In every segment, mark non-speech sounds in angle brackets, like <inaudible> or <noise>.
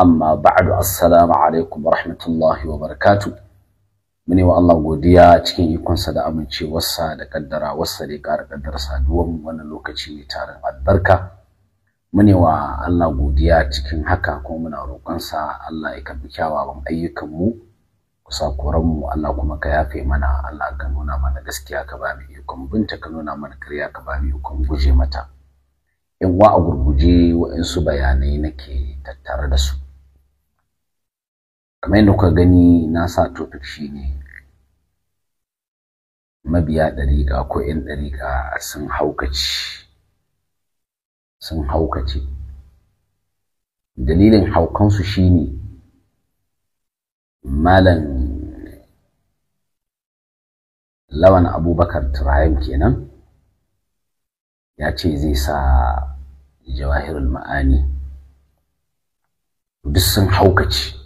amma ba'adu assalamu alaikum rahmatullahi wa barakatu mune wa Allah godiya cikin ikonsa da amincewarsa da kaddara wasa da ƙara kaddara saduwar mu wannan lokaci mai tarin albarka mune wa Allah godiya cikin haka ko muna roƙonsa Allah ya karbi kyawawan ayyukan mu kusakuran mu Allah kuma ka yafe mana Allah ka nuna mana gaskiya ka ba mu ikon binta ka nuna mana kariya ka ba mu ikon guje mata in wa a gurguje wa'insu bayanai nake tattare da su kamar yadda kuka gani na sa topic ne. mabiya ɗariƙa ko 'yan ɗariƙa sun haukace sun haukace dalilin haukansu shi ne. malam lawan abubakar turayen kenan ya ce zai sa jawahirul ma'ani duk sun haukace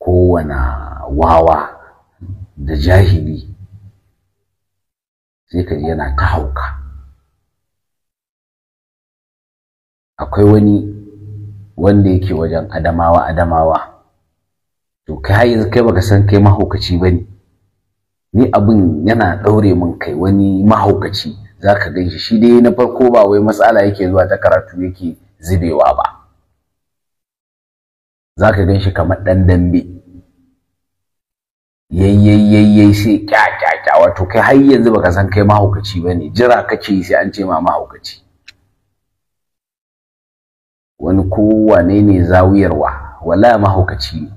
kowane wawa da jahili sai ka yana ta hauka akwai wani wanda yake wajen adamawa adamawa to kai yanzu kai baka san kai mahaukaci ba ne ni abin yana ɗaure min kai wani mahaukaci za ka gan shi shi dai na farko ba wai matsala yake zuwa ta karatu yake zubewa ba za ka gan shi kamar ɗan dambe yayyayyayyayi sai kyakyakya wato kai har yanzu baka san kai mahaukaci ba ne jira kake sai an ce ma mahaukaci wani kowane ne zawiyarwa wala mahaukaci ne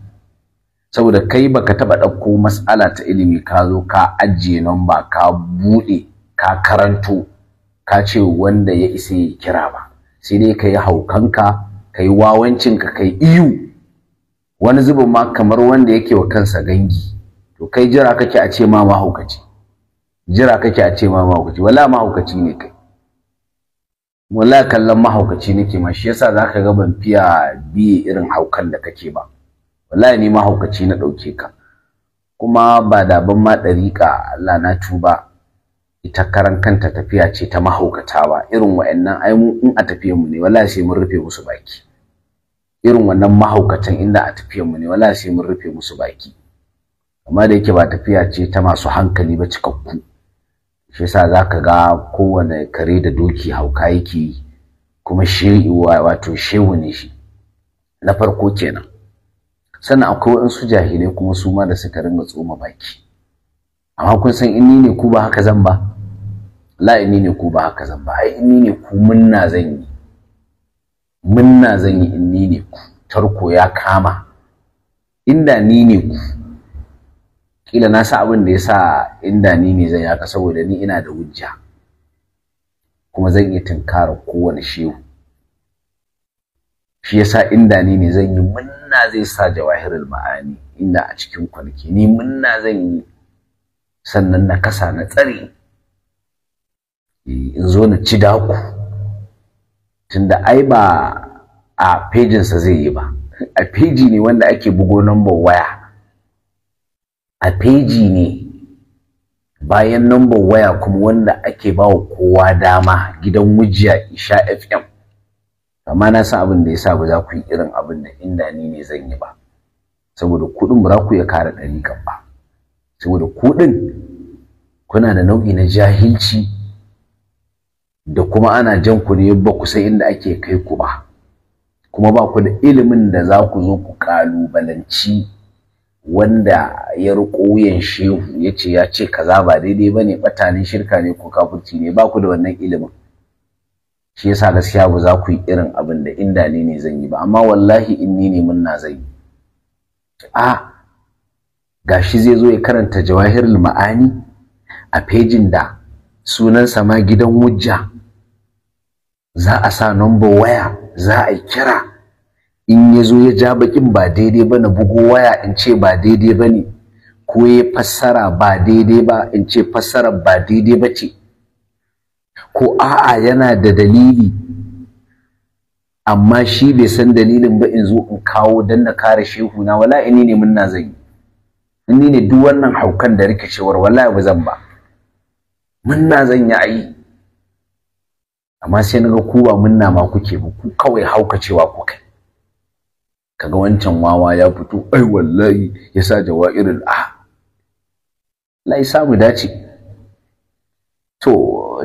saboda kai baka taɓa ɗauko matsala ta ilimi ka zo ka ajiye nomba, ka buɗe ka karanto ka ce wanda ya isa ya kira ba sai dai ka yi haukanka ka yi wawancinka ka yi iyu wani zubin ma kamar wanda yake wa kansa gangi to kai jira kake a ce ma mahaukaci jira kake a ce ma mahaukaci wala mahaukaci ne kai wala kallon mahaukaci nake ma shi yasa zaka ga ban fiya biye irin haukan da kake ba wallahi ni mahaukaci na dauke ka kuma ba da ban ma dariƙa Allah na tuba ita karan kanta tafiya ce ta mahaukata ba irin wa'annan ai mu in a tafiye mu ne wallahi sai mun rufe musu baki irin wannan mahaukacin inda a tafiyar mu ne wala sai mun rufe musu baki amma da yake ba tafiya ce ta masu hankali ba cikakku shi yasa zaka ga kowane kare da doki hauka yake yi kuma shi wato shehu ne shi na farko kenan sannan akwai waɗansu jahilai kuma su ma da suka ringa tsoma baki amma kun san in ni ne ku ba haka zan ba la in ni ne ku ba haka zan ba ai in ni ne ku munna zan yi munna zan yi in ni ku tarko ya kama inda ni ne ku kila na sa abin da ya sa inda ni ne zan yaka saboda ni ina da wujja kuma zan yi tunkara kowane shehu shi yasa inda ni ne zan yi munna zai sa jawahirul ma'ani inda a cikin kwanaki ni munna zan yi sannan na kasa na tsare eh, in zo na ci daku tunda ai ba a pejinsa zai yi ba a peji ne wanda ake bugo number waya a peji ne bayan number waya kuma wanda ake ba wa kowa dama gidan wujiya isha fm amma na san abin da ya sa ba za ku yi irin abin da inda ni ne zan yi ba saboda kuɗin ba za ku ya kare ɗari kan ba saboda kuɗin kuna da nau'i na jahilci da kuma ana jan ku ne ba ku san inda ake kai ku ba kuma ba ku da ilimin da za ku zo ku kalubalanci wanda ya riko wuyan shehu ya ce ya ce kaza ba daidai ba ne batanin shirka ne ko kafurci ne ba ku da wannan ilimin shi yasa gaskiya ba za ku yi irin abin da inda ni ne zan yi ba amma wallahi in ni ne mun na zan yi a gashi zai zo ya karanta jawahirul ma'ani a fejin da sunansa ma gidan wujja za a sa number waya za a kira in ya zo ya ja bakin ba daidai ba na bugo waya in ce ba daidai ba ne ko ya fassara ba daidai ba in ce fassara ba daidai ba ce ko a'a yana da dalili amma shi bai san dalilin ba in zo in kawo don na kare shehu na wala ini ne mun na zai ni ne duk wannan haukan da rikicewar wala ba zan ba mun na zan yi amma sai naga ku ba munna ma kuke ba ku kawai haukacewa kuka kaga wancan wawa ya fito ai wallahi ya sa jawairul ah la isa dace to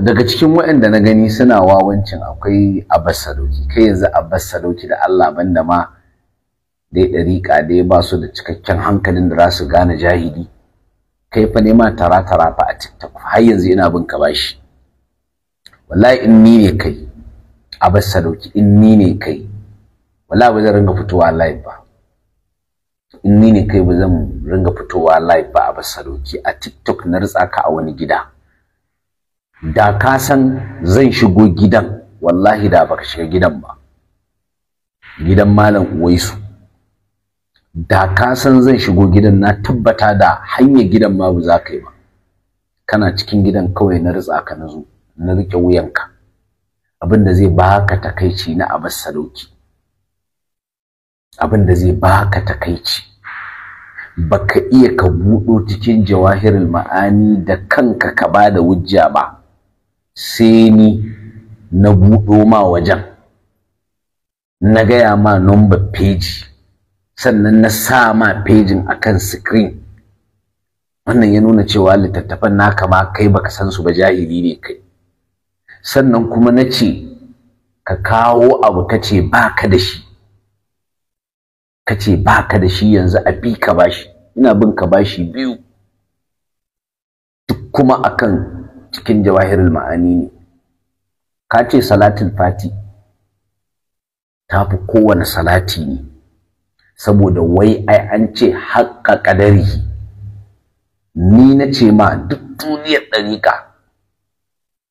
daga cikin waɗanda na gani suna wawancin akwai abbas kai yanzu abbas sadauki da Allah banda ma dai dariƙa dai ba su da cikakken hankalin da za su gane jahili kai fa nema tara tara fa a TikTok har yanzu ina bin ka bashi wallahi in ni ne kai a bar sadauki in ni ne kai wallahi ba zan ringa fitowa live ba in ni ne kai ba zan ringa fitowa live ba a bar sadauki a tiktok na ritsa ka a wani gida da ka san zan shigo gidan wallahi da baka shiga gidan ba gidan malam uwaisu da ka san zan shigo gidan na tabbata da hanyar gidan ma ba za ka yi ba kana cikin gidan kawai na ritsa ka na zo na rike wuyanka abin zai baka takaici na abas sadauki abinda da zai baka takaici baka iya ka buɗo cikin jawahirul ma'ani da kanka ka bada da wujja ba sai ni na buɗo ma wajen na gaya ma number page sannan na sa ma pejin akan screen wannan ya nuna cewa littattafan naka ma kai baka san su ba jahili ne kai sannan kuma na ce ka kawo abu ka ce ba ka da shi ka ce ba ka da shi yanzu a bi ka bashi ina bin ka bashi biyu duk kuma akan cikin jawahirul ma'ani ne ka ce salatul fati ta fi kowane salati ne saboda wai ai an ce haƙƙa ƙadari ni na ce ma duk duniyar ɗariƙa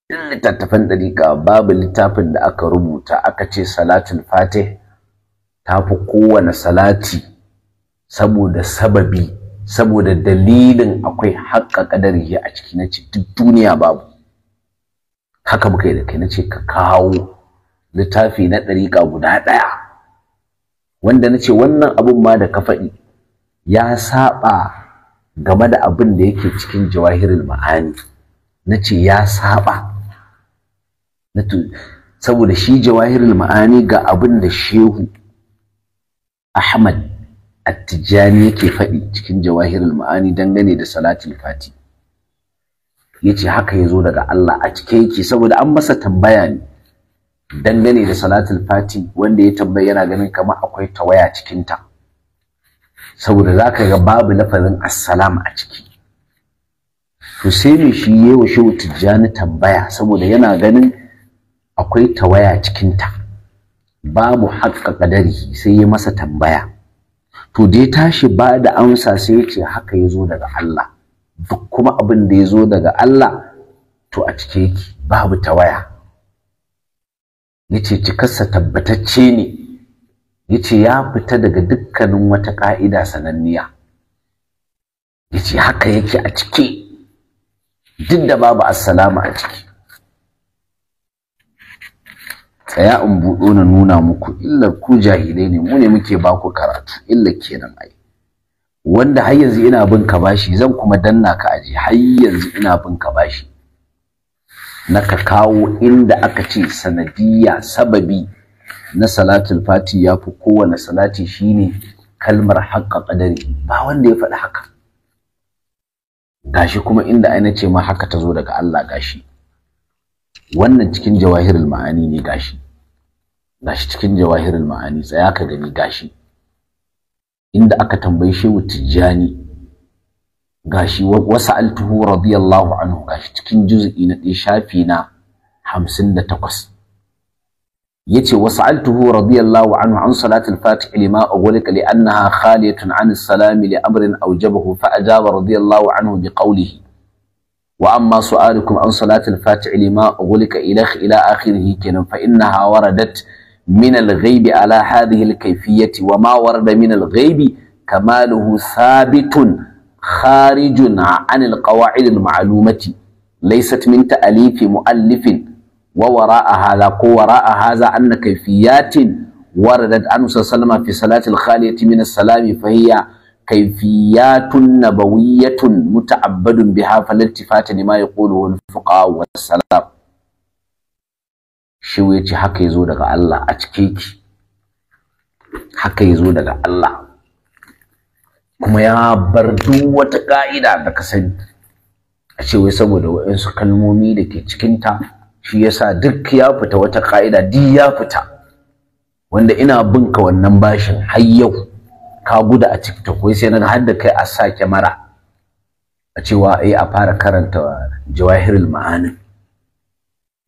in littattafan ɗariƙa babu littafin da aka rubuta aka ce salatin fatih ta fi kowane salati saboda sababi saboda dalilin akwai haƙƙa ƙadari a ciki na ce duk duniya babu haka muka yi da kai na ce ka kawo littafi na ɗariƙa guda ɗaya wanda na ce wannan abin ma da ka faɗi ya saɓa game da abin da yake cikin jawahirul ma'ani na ce ya saɓa saboda shi jawahirul ma'ani ga abin da shehu Ahmad Attijani yake faɗi cikin jawahirul ma'ani dangane da salatul fati yace haka yazo daga Allah a cike yake saboda an masa tambaya ne dangane da salatul fati wanda ya tambaye yana ganin kamar akwai tawaya cikin ta saboda zaka ga babu lafazin assalam a ciki to sai ne shi wa shehu tijjani tambaya saboda yana ganin akwai tawaya cikinta babu haƙƙa ƙadari sai ya masa tambaya to da ya tashi ba da amsa sai ya ce haka ya zo daga Allah duk kuma abin da ya zo daga Allah to a cike yake babu tawaya ya ce cikarsa tabbatacce ne ya ce ya fita daga dukkanin wata ƙa'ida sananniya ya ce haka yake a cike duk da babu assalamu a ciki tsaya in buɗo na nuna muku illar ku jahilai ne mu ne muke ba ku karatu illar kenan ai wanda har yanzu ina bin ka bashi zan kuma danna ka aje har yanzu ina bin ka bashi na kawo inda aka ce sanadiyya sababi na salatul fati ya fi kowane salati shine kalmar haƙƙa ƙadari ba wanda ya faɗi haka gashi kuma inda ai ce ma haka ta zo daga Allah gashi wannan cikin jawahirul ma'ani ne gashi gashi cikin jawahirul ma'ani tsaya ka gani gashi inda aka tambayi shehu tijjani gashi wasu altuhu radiyallahu anhu gashi cikin juz'i na ɗin shafi na hamsin da takwas yace wasu altuhu radiyallahu anhu an salatul fatih lima ughliqa li annaha khaliyatun an salami li amrin awjabahu fa ajaba radiyallahu anhu bi qawlihi وأما سؤالكم عن صلاة الفاتح لما أغلق إلى إلى آخره كنا فإنها وردت من الغيب على هذه الكيفية وما ورد من الغيب كماله ثابت خارج عن القواعد المعلومة ليست من تأليف مؤلف ووراء هذا وراء هذا أن كيفيات وردت عنه صلى الله عليه وسلم في صلاة الخالية من السلام فهي كيفيات نبوية متعبد بها فالالتفات لما يقوله الفقهاء والسلام shi wai ce haka ya zo daga Allah a cike ki haka ya zo daga Allah kuma ya bar duk wata ka'ida da ka sani a ce wai saboda waɗansu kalmomi da ke cikinta shi yasa duk ya fita wata ka'ida duk ya fita wanda ina bin ka wannan bashin har yau ka guda a TikTok wai sai na har kai a sake mara. a cewa eh a fara karanta jawahirul ma'anin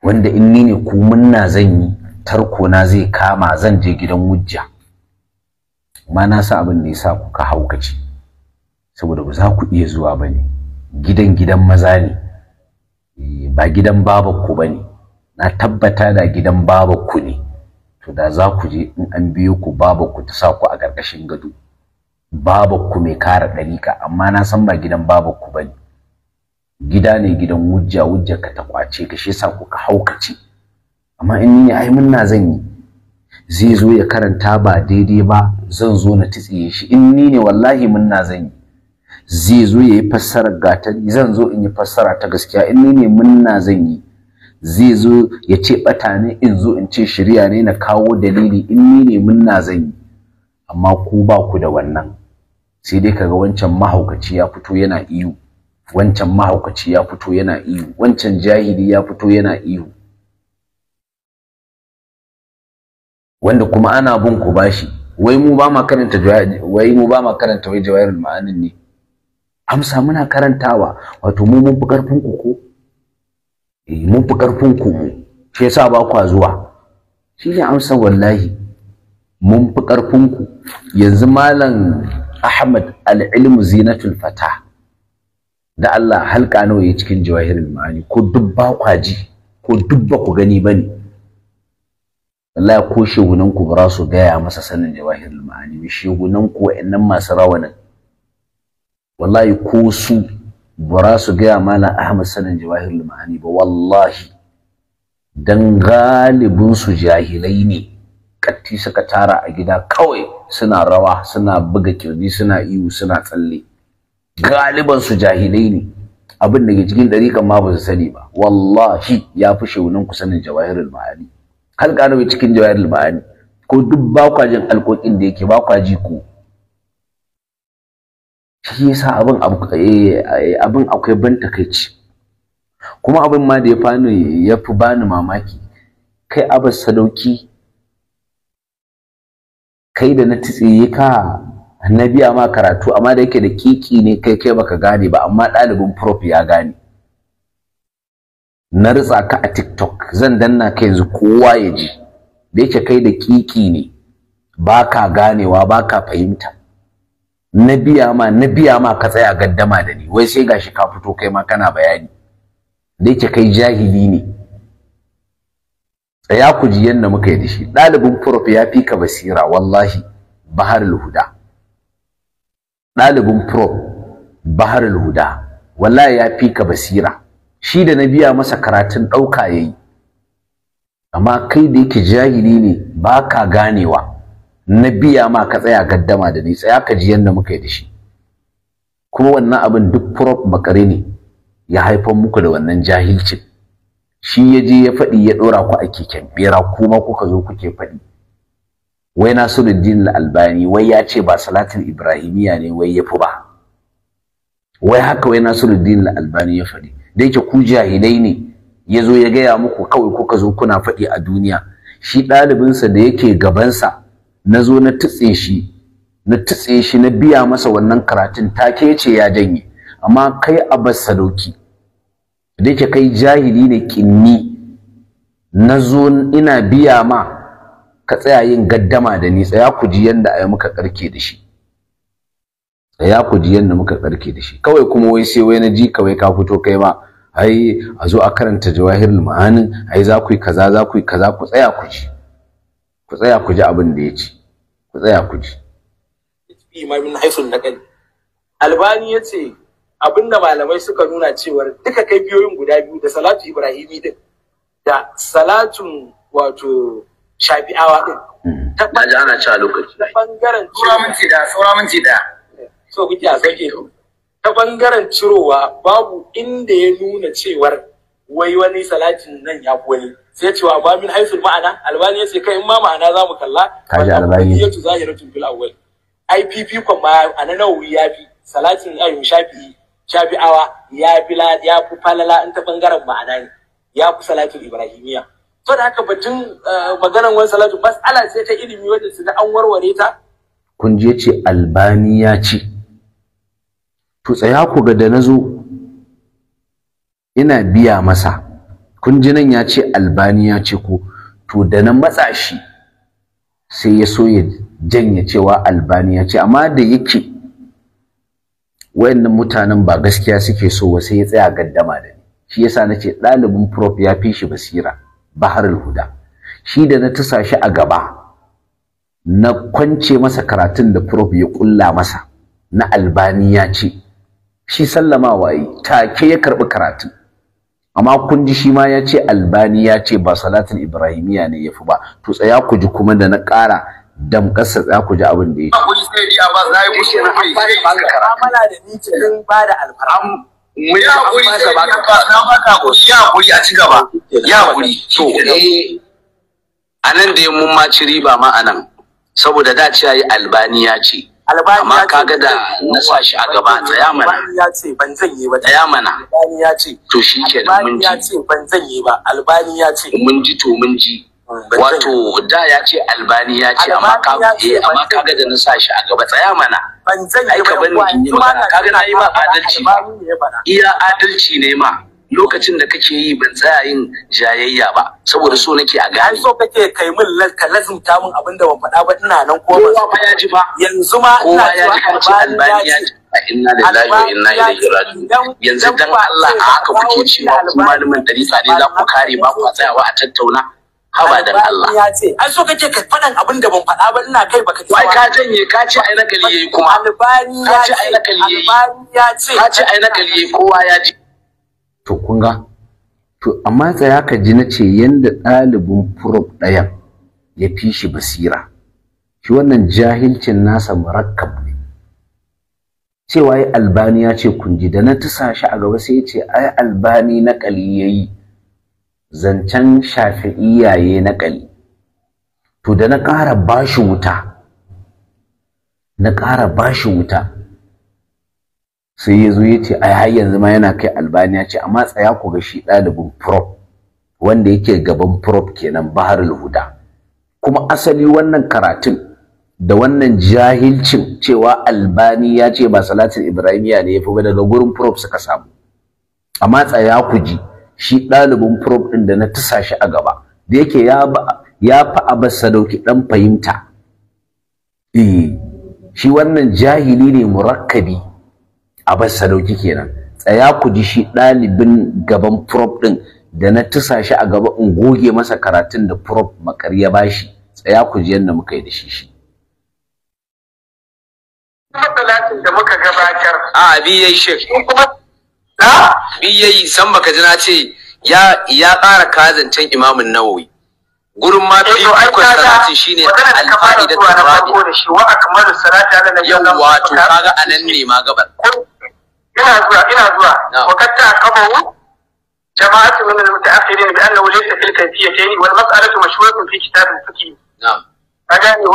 wanda in ni ne kumunna zan yi tarko na zai kama zan je gidan wujja ma na sa abin da yasa kuka haukace saboda ba za ku iya zuwa ba ne gidan gidan maza ne eh, ba gidan babakku ba ne na tabbata da gidan ku ne to da za ku je in an biyo ku ku ta sa ku a ƙarƙashin gado ku mai kara ɗariƙa amma na san ba gidan babakku ba ne gida ne gidan wujja wujja ka ta kwace ka shi yasa kuka haukace amma in ni ai munna zan yi zai zo ya karanta ba daidai ba zan zo na titsiye shi in ni ne wallahi munna zan yi zai zo ya yi fassarar gata zan zo in yi fassara ta gaskiya in ni ne munna zan yi zai zo ya ce bata ne in zo in ce shirya ne na kawo dalili in ni ne munna zan yi amma ku ba ku da wannan sai dai kaga wancan mahaukaci ya fito yana iyo wancan mahaukaci ya fito yana ihu wancan jahili ya fito yana ihu wanda kuma ana bin ku bashi wai mu ba ma karanta wai mu ba ma karanta wai jawairul ma'anin ne amsa muna karantawa wato mu mun fi karfin ku ko eh mun fi karfin ku shi yasa ba kwa zuwa shi ne amsa wallahi mun fi karfin ku yanzu malam Ahmad al ilm zinatul fatah da Allah halka nawa ya cikin jawahirul ma'ani ko duk kwaji ko duk ku gani bane wallahi ko shegunan ku ba su gaya masa sanin jawahirul ma'ani shegunan ku wa'annan masu rawanin wallahi ko su ba su gaya malam Ahmad sanin jawahirul ma'ani ba wallahi dan galibin su jahilai ne katti suka tara a gida kawai suna rawa suna buga kirji suna iyu suna tsalle galiban su jahilai ne abin da ke cikin dariƙan ma ba su sani ba wallahi ya fi shaunin ku sanin jawahirul ma'ani har gano cikin jawahirul ma'ani ko duk ba kwa jin alƙoƙin da yake ba kwa ji ku shi yasa abin eh, abin akwai ban takaici kuma abin ma da ya fani ya fi bani mamaki kai abas sadauki kai da na tsiye ka Na biya ma karatu amma da yake da kiki ne kai kai baka gane ba amma ɗalibin prof ya gane na ritsa ka a tiktok zan danna ka yanzu kowa ya ji da yake kai da kiki ne baka ganewa baka fahimta na biya ma na biya ma ka tsaya gaddama da ni wai sai gashi ka fito kai ma kana bayani da yake kai jahili ne tsaya ku ji yadda muka yi da shi ɗalibin prof ya fi ka basira wallahi baharul huda ɗalibin prof baharul huda wallahi ya fi ka basira shi da na biya masa karatun ɗauka ya yi amma kai da yake jahili ne ba ka ganewa na biya ma ka tsaya gaddama da ni tsaya ka ji yadda muka yi da shi kuma wannan abin duk prof makare ne ya haifar muku da wannan jahilcin shi ya je ya faɗi ya ɗora ku a keken bera kuma kuka zo kuke faɗi wai Nasiruddin al-Albani wai ya ce ba salatin Ibrahimiyya ne wai ya fi ba wai haka wai Nasiruddin al-Albani ya faɗi da yake ku jahilai ne ya zo ya gaya muku kawai kuka zo kuna faɗi a duniya shi ɗalibinsa da yake gabansa na zo na tutse shi na tutse shi na biya masa wannan karatun take ce ya janye amma kai abbas sadauki da yake kai jahili ne ƙinni na zo ina biya ma ka tsaya yin gaddama da ni tsaya ku ji yanda ai muka karke da shi tsaya ku ji yanda muka karke da shi kawai kuma wai sai wai na ji kawai ka fito kai ma ai a zo a karanta jawahirul ma'anin ai za ku yi kaza za ku yi kaza ku tsaya ku ji ku tsaya ku ji abin da ya ce ku tsaya ku ji na albani ya ce abinda malamai suka nuna cewar duka kai biyoyin guda biyu da salatu ibrahimi din da salatun wato shafi'awa din hmm. ta ji ana cewa lokaci ta bangaren saura minti da saura minti da so kuke a sake ta bangaren cirowa babu inda ya nuna cewar wai wani salatin nan ya fi wani sai cewa ba min haisul ma'ana albani ya ce kai in ma ma'ana za mu kalla kaji albani ya tu zahiratun fil awwal IPP kon ma ana nawawi ya fi salatin ayu shafi shafi'awa ya fi ya fi falala in ta bangaren ma'ana ne ya fi salatin ibrahimiya to da haka batun eh, maganar wani salatu mas'ala sai ta ilimi wajen su da an warware ta kun je ce albani ya ce to tsaya ku ga da na zo ina biya masa kun ji nan ya ce albani ya ce ko to da na matsa shi sai ya so ya janye cewa albani ya ce amma da yake wayannan mutanen ba gaskiya suke so ba sai ya tsaya gaddama da ni shi yasa ce ɗalibin prof ya fi shi basira baharul huda shi da na tusa shi a gaba na kwance masa karatun da prof ya kulla masa na albani ya ce shi sallama waye take ya karbi karatun amma kun ji shi ma ya ce albani ya ce ba salatul ibrahimiya ne yafi ba to tsaya ku ji kuma da na ƙara damƙarsa tsaya ku ji abin da ya ce. Akwai sai biya ba za yi kusa na kai sai ba da alfarmu. mu yi baka ya a ci gaba ya hakuri to eh anan da mun maci riba ma anan saboda da ci yayi albaniya ce amma kaga da na sa shi a gaba tsaya mana ce ban zan yi ba mana albaniya ce to shikenan mun ji ce ban zan yi ba albaniya ce mun ji to mun ji wato da ya ce albani ya ce amma ka eh amma ka da na sa shi a gaba tsaya mana ban zan yi ba in yi magana ka na yi ma adalci iya adalci ne ma lokacin da kake yi ban tsaya yin jayayya ba saboda so nake a gane so kake kai min ka lazumta min abin ban faɗa ba ina nan ko ba ya ji ba yanzu ma ina ya ji albani ya ji inna lillahi wa inna ilaihi raji'un yanzu dan Allah a haka kuke cewa kuma malamin dariƙa ne za ku kare ba ku tsayawa a tattauna haba dan Allah ya ce ai so kace ka faɗan abin da ban faɗa ba ina kai baka ce wai ka janye ka ce ai nakali yayi kuma albani ya ce ai nakali yayi ya ce ka ce ai nakali yayi kowa ya ji to kun ga to amma tsaya ka ji na ce yadda ɗalibin furof ɗayan ya fi shi basira shi wannan jahilcin nasa murakkab ne cewa ai albani ya ce kun ji da na tusa shi a gaba sai ya ce ai albani na nakali yayi zancen shafi iyaye na ƙali. to da na ƙara bashi wuta na ƙara bashi wuta sai ya zo ya ce ai har yanzu ma yana kai albaniya ce amma tsaya ku ga shi ɗalibin prop wanda yake gaban prop kenan bahar huda kuma asali wannan karatun da wannan jahilcin cewa albani ya ce ba salatin ibrahimiya ne ya fi ba daga gurin prop suka samu amma tsaya ku ji shi ɗalibin prof ɗin da na tusa shi a gaba da yake ya fa abar sadauki ɗan fahimta eh, shi wannan jahili ne murakkabi abar sadauki kenan tsaya ku ji shi ɗalibin gaban prof ɗin da na tusa shi a gaba in goge masa karatun da prof makar ya bashi tsaya ku ji yadda muka yi da shi shi matsalatin da muka gabatar a shek kuma bi yayi san baka ji na ce ya ya ƙara kazancen imamin nawawi gurin ma fi eh, ikon salati shine da ta rabi yau wato kaga anan ne ma gabar ina zuwa ina zuwa wakatta kabawu annahu laysa fil kayfiyatayn wal mas'alatu mashhuratun fi kitab al-fiqh. Na'am. نعم. أجاني هو؟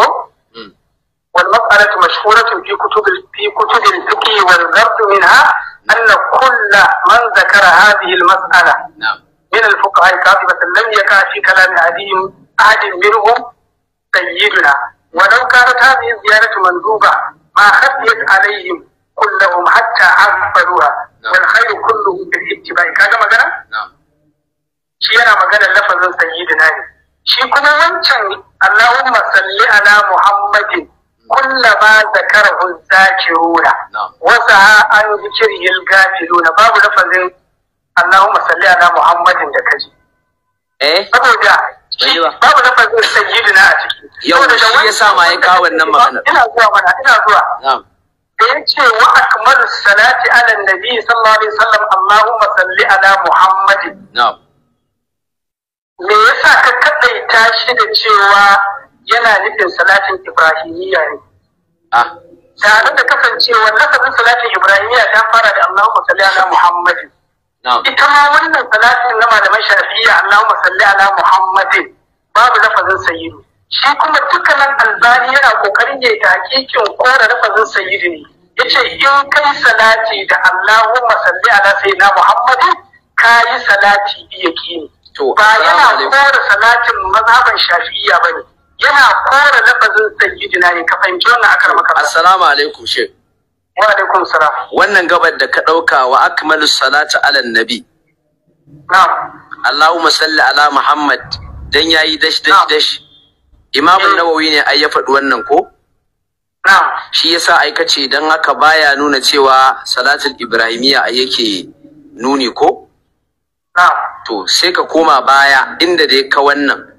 والمسألة مشهورة في كتب في كتب الفقه والضبط منها أن كل من ذكر هذه المسألة من الفقهاء كافة لم يقع في كلام أحدهم أحد منهم سيدنا ولو كانت هذه الزيارة مندوبة ما خفيت عليهم كلهم حتى عرفوها والخير كله بالاتباع كذا مجرى shi yana maganar lafazin sayyidina ne shi kuma wancan Allahumma salli ala Muhammadin kullama zakarahu zakiruna wasa an zikrihi al-gafiluna babu lafazin Allahumma salli ala Muhammadin da kaji eh saboda babu lafazin sayyidina a ciki yau shi yasa ma ya kawo wannan magana ina zuwa mana ina zuwa na'am da ya ce wa akmalu salati ala nabi sallallahu alaihi wasallam Allahumma salli ala Muhammadin na'am me yasa ka kadaita shi da cewa yana nufin salatin ibrahimiyya ne ah. tare da kasancewa nasarin salatin ibrahimiyya ta fara da allahumma salli ala muhammadin ita ma wannan salatin na malaman Shafiya allahumma salli ala muhammadin babu lafazin sayyidu shi kuma dukkanin albani yana kokarin ya takikin hakikin kora lafazin sayyidu ne yace in kai salati da allahumma salli ala sayyidina muhammadin ka yi salati biyaki ne, ba yana kora salatin mazhaban ba bane yana fara lafazin sayyidina ne ka fahimci wannan akar maka assalamu alaikum shek wa alaikum salam wannan gabar da ka dauka wa akmalu salatu ala nabi na'am Allahumma salli ala Muhammad dan yayi dash dash dash Imam eh. Nawawi ne ai ya faɗi wannan ko na'am shi yasa ai kace dan haka baya nuna cewa salatul ibrahimiyya ai yake nuni ko na'am to sai ka koma baya inda da ya ka wannan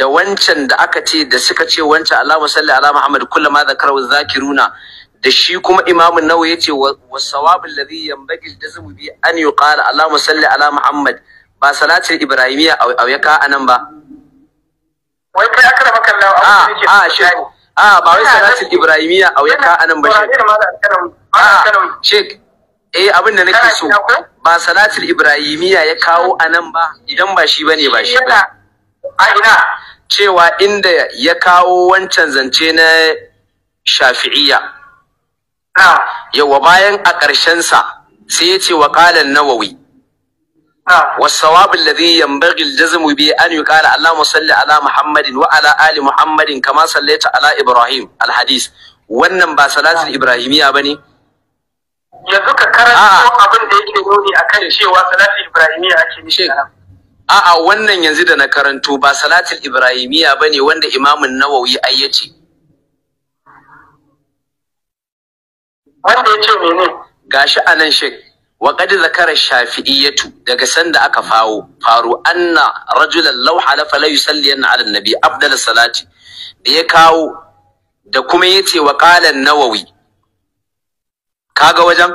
da wancan da aka ce da suka ce wancan Allahumma salli ala Muhammad kullum ma kullama zakarahu zakiruna da shi kuma Imam Nawawi yace wa sawabul ladhi yanbaghi jazmu bi an yuqala Allahumma salli ala Muhammad ba salatul ibrahimiyya aw ya ka anan ba wai kai aka da Allah a a shi a ba wai salatul ibrahimiyya aw ya ka anan ba shi shek ah, eh abin da nake so ba salatul ibrahimiyya ya kawo anan ba idan ba shi bane ba shi bane ina cewa inda ya kawo wancan zance na shafi'iyya ah. yawa bayan a ƙarshensa sai ya ce wa ƙalan nawawi والصواب الذي ينبغي الجزم به أن يقال اللهم صل على محمد وعلى آل محمد كما صليت على إبراهيم الحديث wannan ba salatul ah. ibrahimiya bane yanzu ka karanto abin da yake nuni akan cewa salatul ibrahimiya ake a'a wannan yanzu da na karanto ba salatul ibrahimiya bane wanda imamun nawawi ai yace wanda yace mene gashi anan shek wa qad zakara shafi'iyatu daga sanda aka fawo faru anna rajulan law halafa la yusalli anna ala nabi afdal salati da ya kawo da kuma yace wa qala nawawi kaga wajen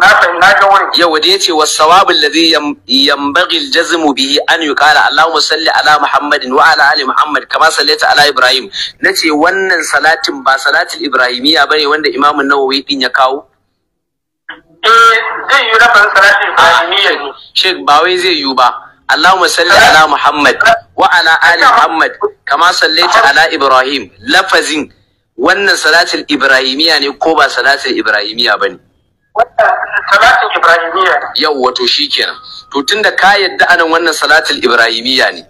na fahimta na ga wurin yawa da yace was sawabul ladhi yanbaghi al bihi an yuqala allahumma salli ala muhammadin wa ala ali muhammad kama sallaita ala ibrahim nace wannan salatin ba salatul ibrahimiyya bane wanda imam an-nawawi din ya kawo eh zai yi rafin salatul ibrahimiyya ne shek ba wai zai yi ba اللهم صل على محمد وعلى آل محمد كما صليت على إبراهيم لفظ wannan salatul ibrahimiya ne ko ba salatul ibrahimiya bane salatin ibrahimiyya yau wato shikenan to tunda ka yadda anan wannan salatin ibrahimiyya ne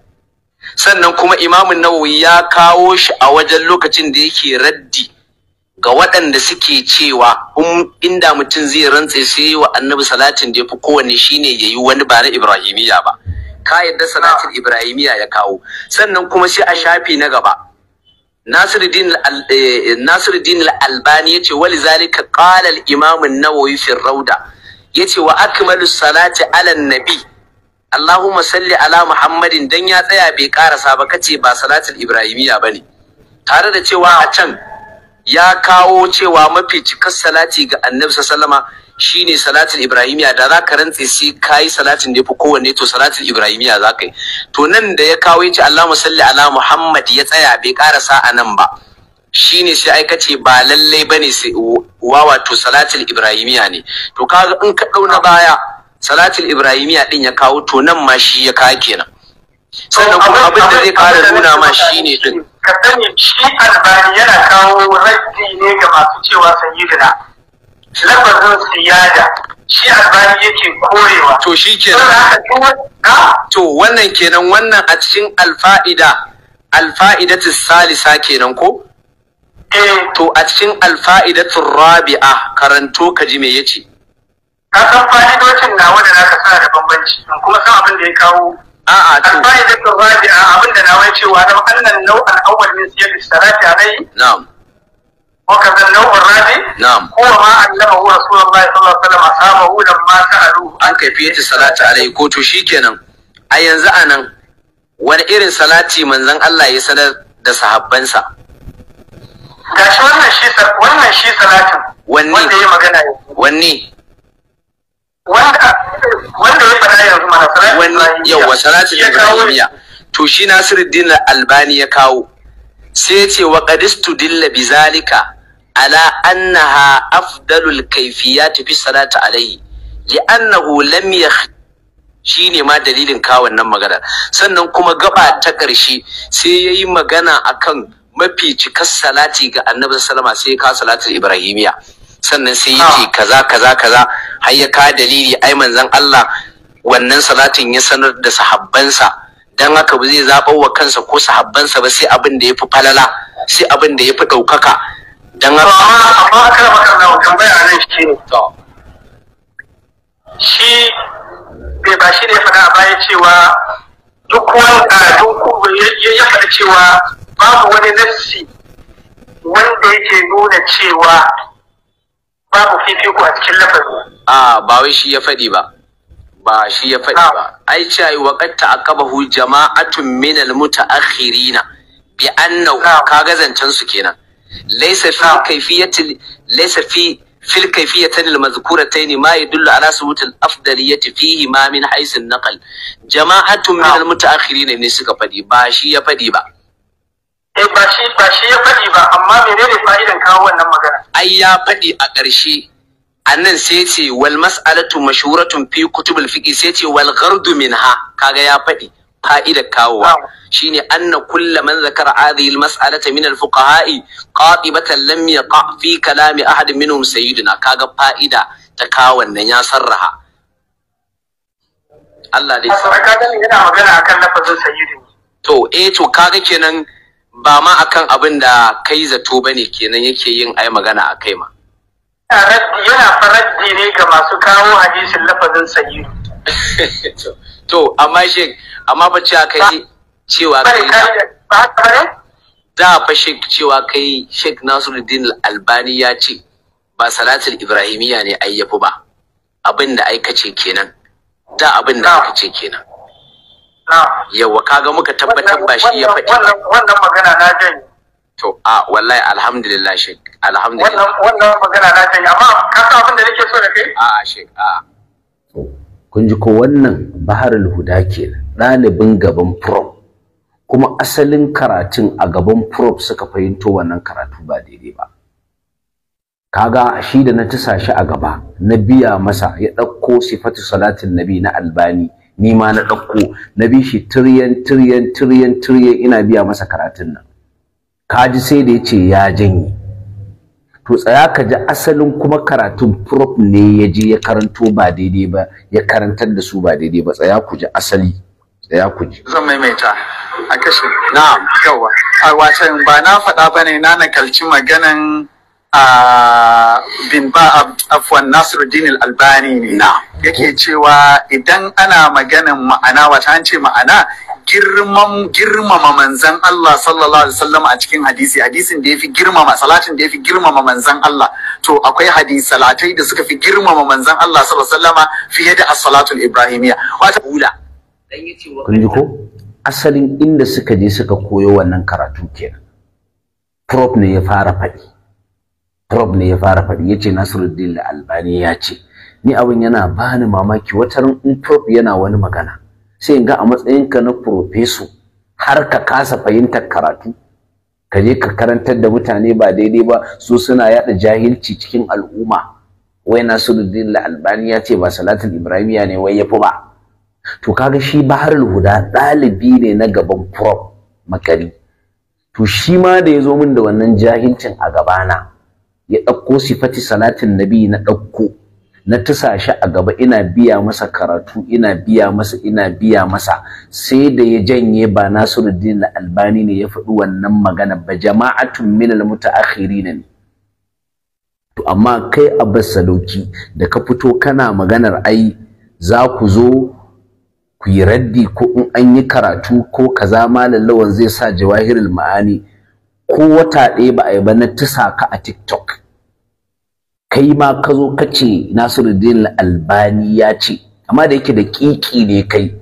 sannan kuma imamun nawawi ya kawo shi a wajen lokacin da yake raddi ga waɗanda suke cewa inda mutum zai rantse sai wa annabi salatin da ya fi kowanne shine ya yi wani ba na ibrahimiyya ba ka yadda salatin ah. ibrahimiyya ya kawo sannan kuma sai a shafi na gaba Eh, Nasiruddin al-Albani yace wali zalika qala al-Imam an-Nawawi fi rawda yace wa akmalu salati ala nabi Allahumma salli ala Muhammadin dan ya tsaya bai karasa ba kace ba salatul Ibrahimiyya bane tare da cewa a can ya kawo cewa mafi cikas salati ga annabi sallama shine salatin ibrahimiya da za ka rantse sai ka salatin da ya kowanne to salatin ibrahimiya za ka yi to nan da ya kawo yace allahumma salli ala muhammad ya tsaya bai karasa a nan ba shine sai ai ce ba lallai bane sai wa wato salatin ibrahimiya ne to kaga in ka dauna baya salatin ibrahimiya din ya kawo to nan ma shi ya kawo kenan sannan kuma abin da zai kara nuna ma shine din ka sani shi albani yana kawo raddi ne ga masu cewa sayyidina lafazin siyada shi albani yake korewa to shi kenan to wannan kenan wannan a cikin alfa'ida alfa'idatu salisa kenan ko eh to a cikin alfa'idatu rabi'a karanto ka ji me yace ka san fa'idocin nawa da ka sa da bambanci kuma san abin da ya kawo a'a to bai da to raji a abin da na nawai cewa da annan nau'an awwal min siyar salati alai na'am wa kaza nau'un raji na'am huwa ma allamahu rasulullahi sallallahu alaihi wasallam ashabahu lamma sa'alu an kaifiyati salati alai ko to shikenan a yanzu anan wani irin salati manzon Allah ya sanar da sahabbansa gashi wannan shi wannan shi salatin wanne wanne wanda ya faɗa yanzu mana ibrahimiya to shi nasiruddin albani ya kawo sai ya ce wa qad istudilla bizalika ala annaha afdalul kayfiyat fi salati alayhi li'annahu lam yakh shi ne ma dalilin kawon nan magana sannan kuma gaba ta ƙarshe sai ya yi magana akan mafi cikas salati ga annabi Salama sai ya kawo salatin ibrahimiya sannan sai ya ce kaza kaza kaza har ya ka dalili ai manzon Allah wannan salatin ya sanar da sahabbansa dan haka ba zai zaba wa kansa ko sahabbansa ba sai abin da ya fi falala sai abin da ya fi dan haka amma aka raba kan nawa tambaya shi ne to shi bai ba shi ne ya faɗa a baya cewa duk wanda duk ya faɗa cewa babu wani nafsi wanda yake nuna cewa babu fifiko a cikin lafazi a ba wai shi ya faɗi ba ba shi ya faɗi ba ah. ai cewa wa qad ta'aqabahu jama'atun min al-muta'akhirina bi annahu ah. kaga zancen su kenan laysa fi ah. kayfiyati laysa fi fil kayfiyatayn al-madhkuratayn ma yadullu ala subut al-afdaliyyati fihi ma min haythu an-naql jama'atun min al-muta'akhirina ne suka faɗi ba shi ya faɗi ba Eh, ba shi ba shi ya faɗi ba amma menene fa'idan kawo wannan magana ai ya faɗi a ƙarshe annan sai ce wal mas'alatu mashuratun fi kutubul fiqi sai ce wal ghardu minha kaga ya faɗi fa'idar kawowa shine anna kulla man zakara hadhihi mas'alata min al fuqaha'i qatibatan lam yaqa fi kalami ahad minhum sayyidina kaga fa'ida ta kawo wannan ya sarraha Allah dai. Kaga yana magana akan lafazin sayyidina. To eh to kaga kenan ba ma akan abin da kai zato ba ne kenan yake yin ai magana a kai ma. Yana faraddi ne ga masu kawo hadisin lafazin sahihu. <laughs> To, amma shi, amma ba cewa kai cewa kai da fa shek cewa kai shek Nasiruddin Albani ya ce ba salatul Ibrahimiyya ne ai yafi ba abin da aika kenan da abin da aika ce kenan yawa kaga muka tabbatar ba shi ya faɗi ba wannan magana na jan to a wallahi alhamdulillah shek alhamdulillah wannan magana na jan amma ka san abin da nake so da kai a shek a kun ji ko wannan baharul huda ke ɗalibin gaban prom kuma asalin karatun a gaban prom suka fahimto wannan karatu ba daidai ba kaga shi da na tisa shi a gaba na biya masa ya ɗauko sifatu salatin nabi na albani ni ma na ɗauko na bi shi tiryan tiryan tiryan tiryan ina biya masa karatun nan kaji sai da ya ce ya janye to tsaya ka ji asalin kuma karatun prof ne ya je ya karanto ba daidai ba ya karantar da su ba daidai ba tsaya ku ji asali tsaya ku ji zan maimaita a kashe na'am yawa a wasan ba na faɗa bane na nakalci maganan bin ba afwan Nasiru al-Albani ne yake cewa idan ana maganin ma'ana wata an ce ma'ana girmama manzan Allah sallallahu alaihi wasallam a cikin hadisi hadisin da fi girmama salatin da fi girmama manzan Allah to akwai hadisi salatai da suka fi girmama manzan Allah sallallahu alaihi wasallama fiye da as-salatul ibrahimiyya wata dan yace ko asalin inda suka je suka koyo wannan karatu kenan prop ne ya fara faɗi Rob ne ya fara faɗi yace Nasiruddin Al-Albani ya ce ni abin yana bani mamaki ran in Prof yana wani magana sai in ga a matsayin ka na professor har ka kasa fahimtar karatu ka je ka karantar da mutane ba daidai ba su suna yada jahilci cikin al'umma wai Nasiruddin Al-Albani ya ce ba Salatul Ibrahimiya ne wai yafi ba to kaga shi Baharul Huda dalibi ne na gaban Prof Makari to shi ma da ya zo min da wannan jahilcin a gabana ya ɗauko sifati salatin nabi na ɗauko na tusa shi a gaba ina biya masa karatu ina biya masa ina biya masa sai da ya janye ba Nasiruddin Albani ne ya faɗi wannan magana ba jama'atun minal mutaakhirin ne to amma kai Abbas Sadauki da ka fito kana maganar ai za ku zo ku yi raddi ko in an yi karatu ko kaza malallawan zai sa jawahirul ma'ani ko wata ɗaya ba a yi ba na tisa ka a TikTok kai ma ka zo ka ce Nasiruddin Albani ya ce amma da yake da kiki ne kai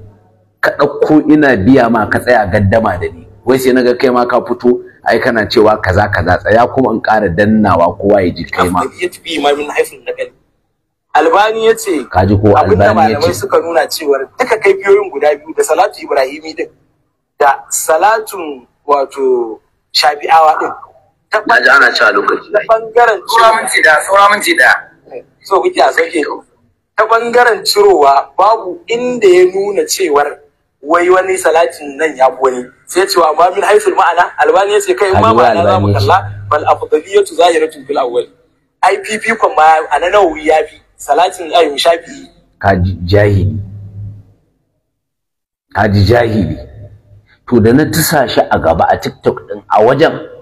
ka ɗauko ina biya ma ka tsaya gaddama da ni wai sai naga kai ma ka fito ai kana cewa kaza kaza tsaya kuma in ƙara dannawa kowa ya ji kai ma Albani ya ce kaji ko Albani ya ce suka nuna cewar duka kai biyoyin guda biyu da Salatu Ibrahimi din da Salatun wato Shafi'awa din na ji ana cewa lokaci na bangaren saura minti da saura minti da so kuke a sauke ta bangaren cirowa babu inda ya nuna cewar wai wani salatin nan ya wani sai cewa ba min haifil ma'ana albani ya ce kai ma ma'ana za mu kalla bal afdaliyatu zahiratu fil awwal IPP kwan ma a nawawi ya fi salatin ayyun shafi ka jahili ka jahili to da na tisa shi a gaba a tiktok din a wajen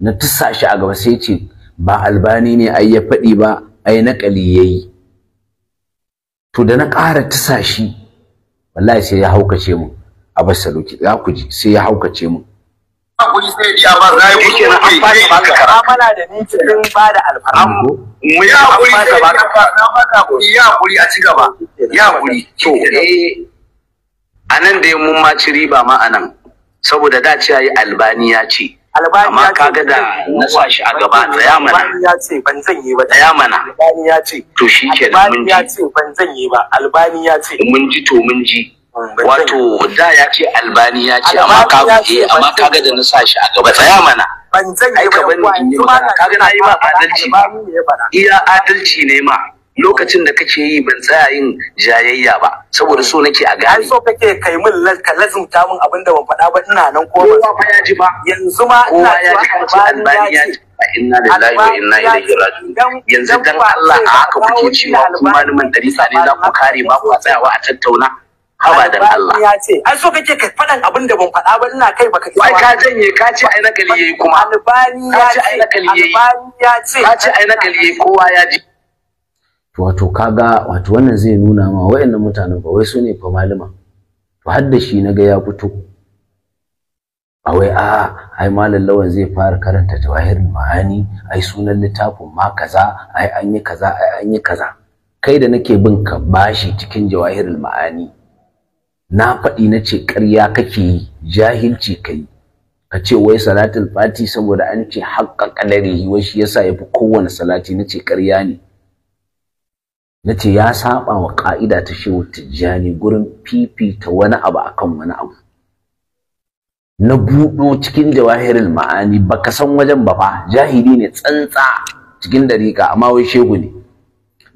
na tussa shi a gaba sai ce ba albani ne ai ya faɗi ba ai naƙali ya yi to da na ƙara tusa shi wallahi sai ya haukace mu a basa loki za ku ji sai ya haukace mu kuji sai ya ba za yi kuke na amfani ba ka amala da ni cikin ba da alfarmu mu ya kuri sai ba ka ya kuri a ci gaba ya kuri to eh anan da mun ma ci riba ma anan saboda da ce yayi albani ya ce albani ya ce da na sa shi a gaba tsaya mana ya ce ban zan yi ba tsaya mana albani ya ce to shi ke da mun ji ya ce ban zan yi ba albani ya ce mun ji to mun ji wato da ya ce albani ya ce amma ka amma da na sa shi a gaba tsaya mana ban zan yi ba kaga na yi ma adalci iya adalci ne ma lokacin da kake yi ban tsaya yin jayayya ba saboda so nake a gane so kake kai min ka lazumta min abin da ban faɗa ba ina nan ko ba ba ya ji ba yanzu ma ina ya ji kace albani ya ji inna lillahi wa inna ilaihi raji'un yanzu dan Allah a haka kuke cewa kuma malamin dari ne za ku kare ba ku tsayawa a tattauna haba dan Allah ya ce ai so kake ka faɗan abin da ban faɗa ba ina kai baka wai ka janye ka ce ai nakali yayi kuma albani ya ce ai nakali yayi ka ce ai nakali yayi kowa ya ji wato kaga wato wannan zai nuna ma wayannan mutanen ba wai su ne fa malama to har da shi naga ya fito a wai a ai malam lawan zai fara karanta jawahir ma'ani ai sunan littafin ma kaza ai an yi kaza ai an yi kaza kai da nake bin ka bashi cikin jawahir ma'ani na faɗi na ce ƙarya kake yi jahilci kai ka ce wai salatul fati saboda an ce haƙƙa ƙadari wai shi yasa yafi kowane salati na ce ƙarya ne na ce ya saba wa ƙa'ida ta shehu tijjani gurin fifita wani abu akan wani abu na buɗo cikin jawahirin ma'ani baka san wajen ba fa jahili ne tsantsa cikin dariƙa amma wai shehu ne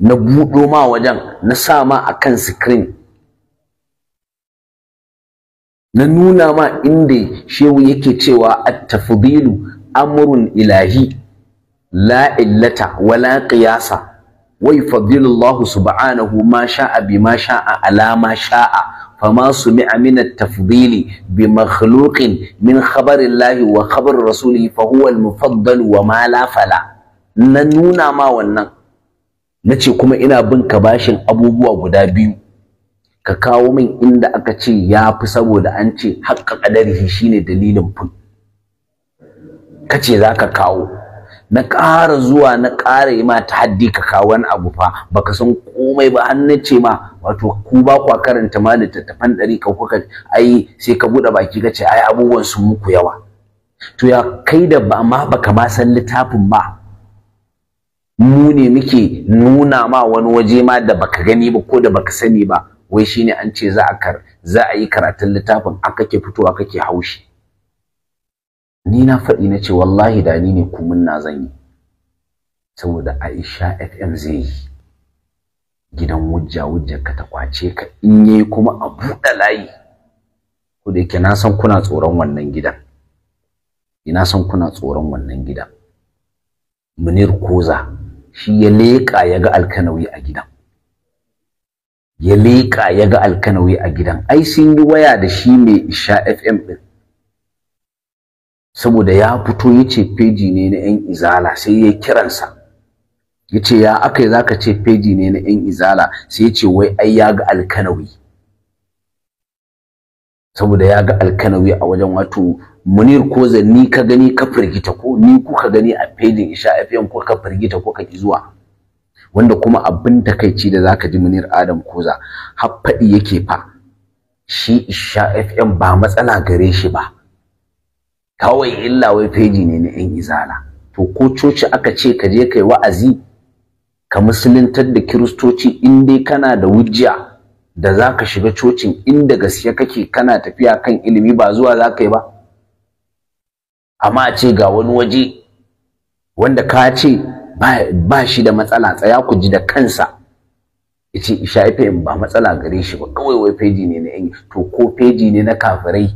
na buɗo ma wajen na sa ma akan screen na nuna ma inda shehu yake cewa at-tafdilu amrun ilahi la illata wala qiyasa Wai yufaddilu subhanahu ma sha'a ma sha'a ala ma sha'a fama sumi'a min tafdili bi makhluqin min khabari llahi wa khabar rasulihi fa huwa al wa ma la fala na nuna ma wannan nace kuma ina bin ka bashin abubuwa guda biyu ka kawo min inda aka ce ya fi saboda an ce haƙƙa ƙadarihi shine dalilin fun kace za ka kawo na ƙara zuwa na ƙara yi ma ta haddi ka kawo wani abu fa ba ka san komai ba An nace ce ma wato ku ba kwa karanta ma littattafan ɗari ka kuka ai sai ka buɗe baki ka ce ai abubuwan sun muku yawa to ya kai da ba ma baka ma san littafin ba mu ne muke nuna ma wani waje ma da ka gani ba ko da baka sani ba wai shine an ce za a yi karatun littafin aka ke fitowa kake haushi ni na faɗi na ce wallahi da ni ne kumin na zan yi saboda Aisha FM zai yi gidan wujja wujja ka ta kwace ka in yayi kuma a buɗe layi ko da yake na san kuna tsoron wannan gidan ina san kuna tsoron wannan gidan Munir Koza shi ya leƙa ya ga alkanawi a gidan ya leƙa ya ga alkanawi a gidan ai sun yi waya da shi mai Isha FM ɗin saboda ya fito ya ce feji ne na 'yan izala sai ya kiransa ya ce ya aka yi za ka ce feji ne na 'yan izala sai ya ce wai ai ya ga alkanawi saboda ya ga alkanawi a wajen wato munir ko zanni ka gani ka firgita ko ni kuka gani a fejin isha fm ko ka firgita ko ka ki zuwa wanda kuma abin takaici da zaka ji munir adam koza har faɗi yake fa shi isha fm ba matsala gare shi ba kawai illa wai feji ne na yan izala to ko coci aka ce ka je kai wa'azi ka musuluntar da kiristoci in dai kana da wujja da za ka shiga cocin inda gaske kake kana tafiya kan ilimi ba zuwa za ka yi ba amma a ce ga wani waje wanda ka ce ba shi da matsala tsaya ku ji da kansa ya ce isha ba matsala gare shi ba kawai wai feji ne na yan to ko feji ne na kafirai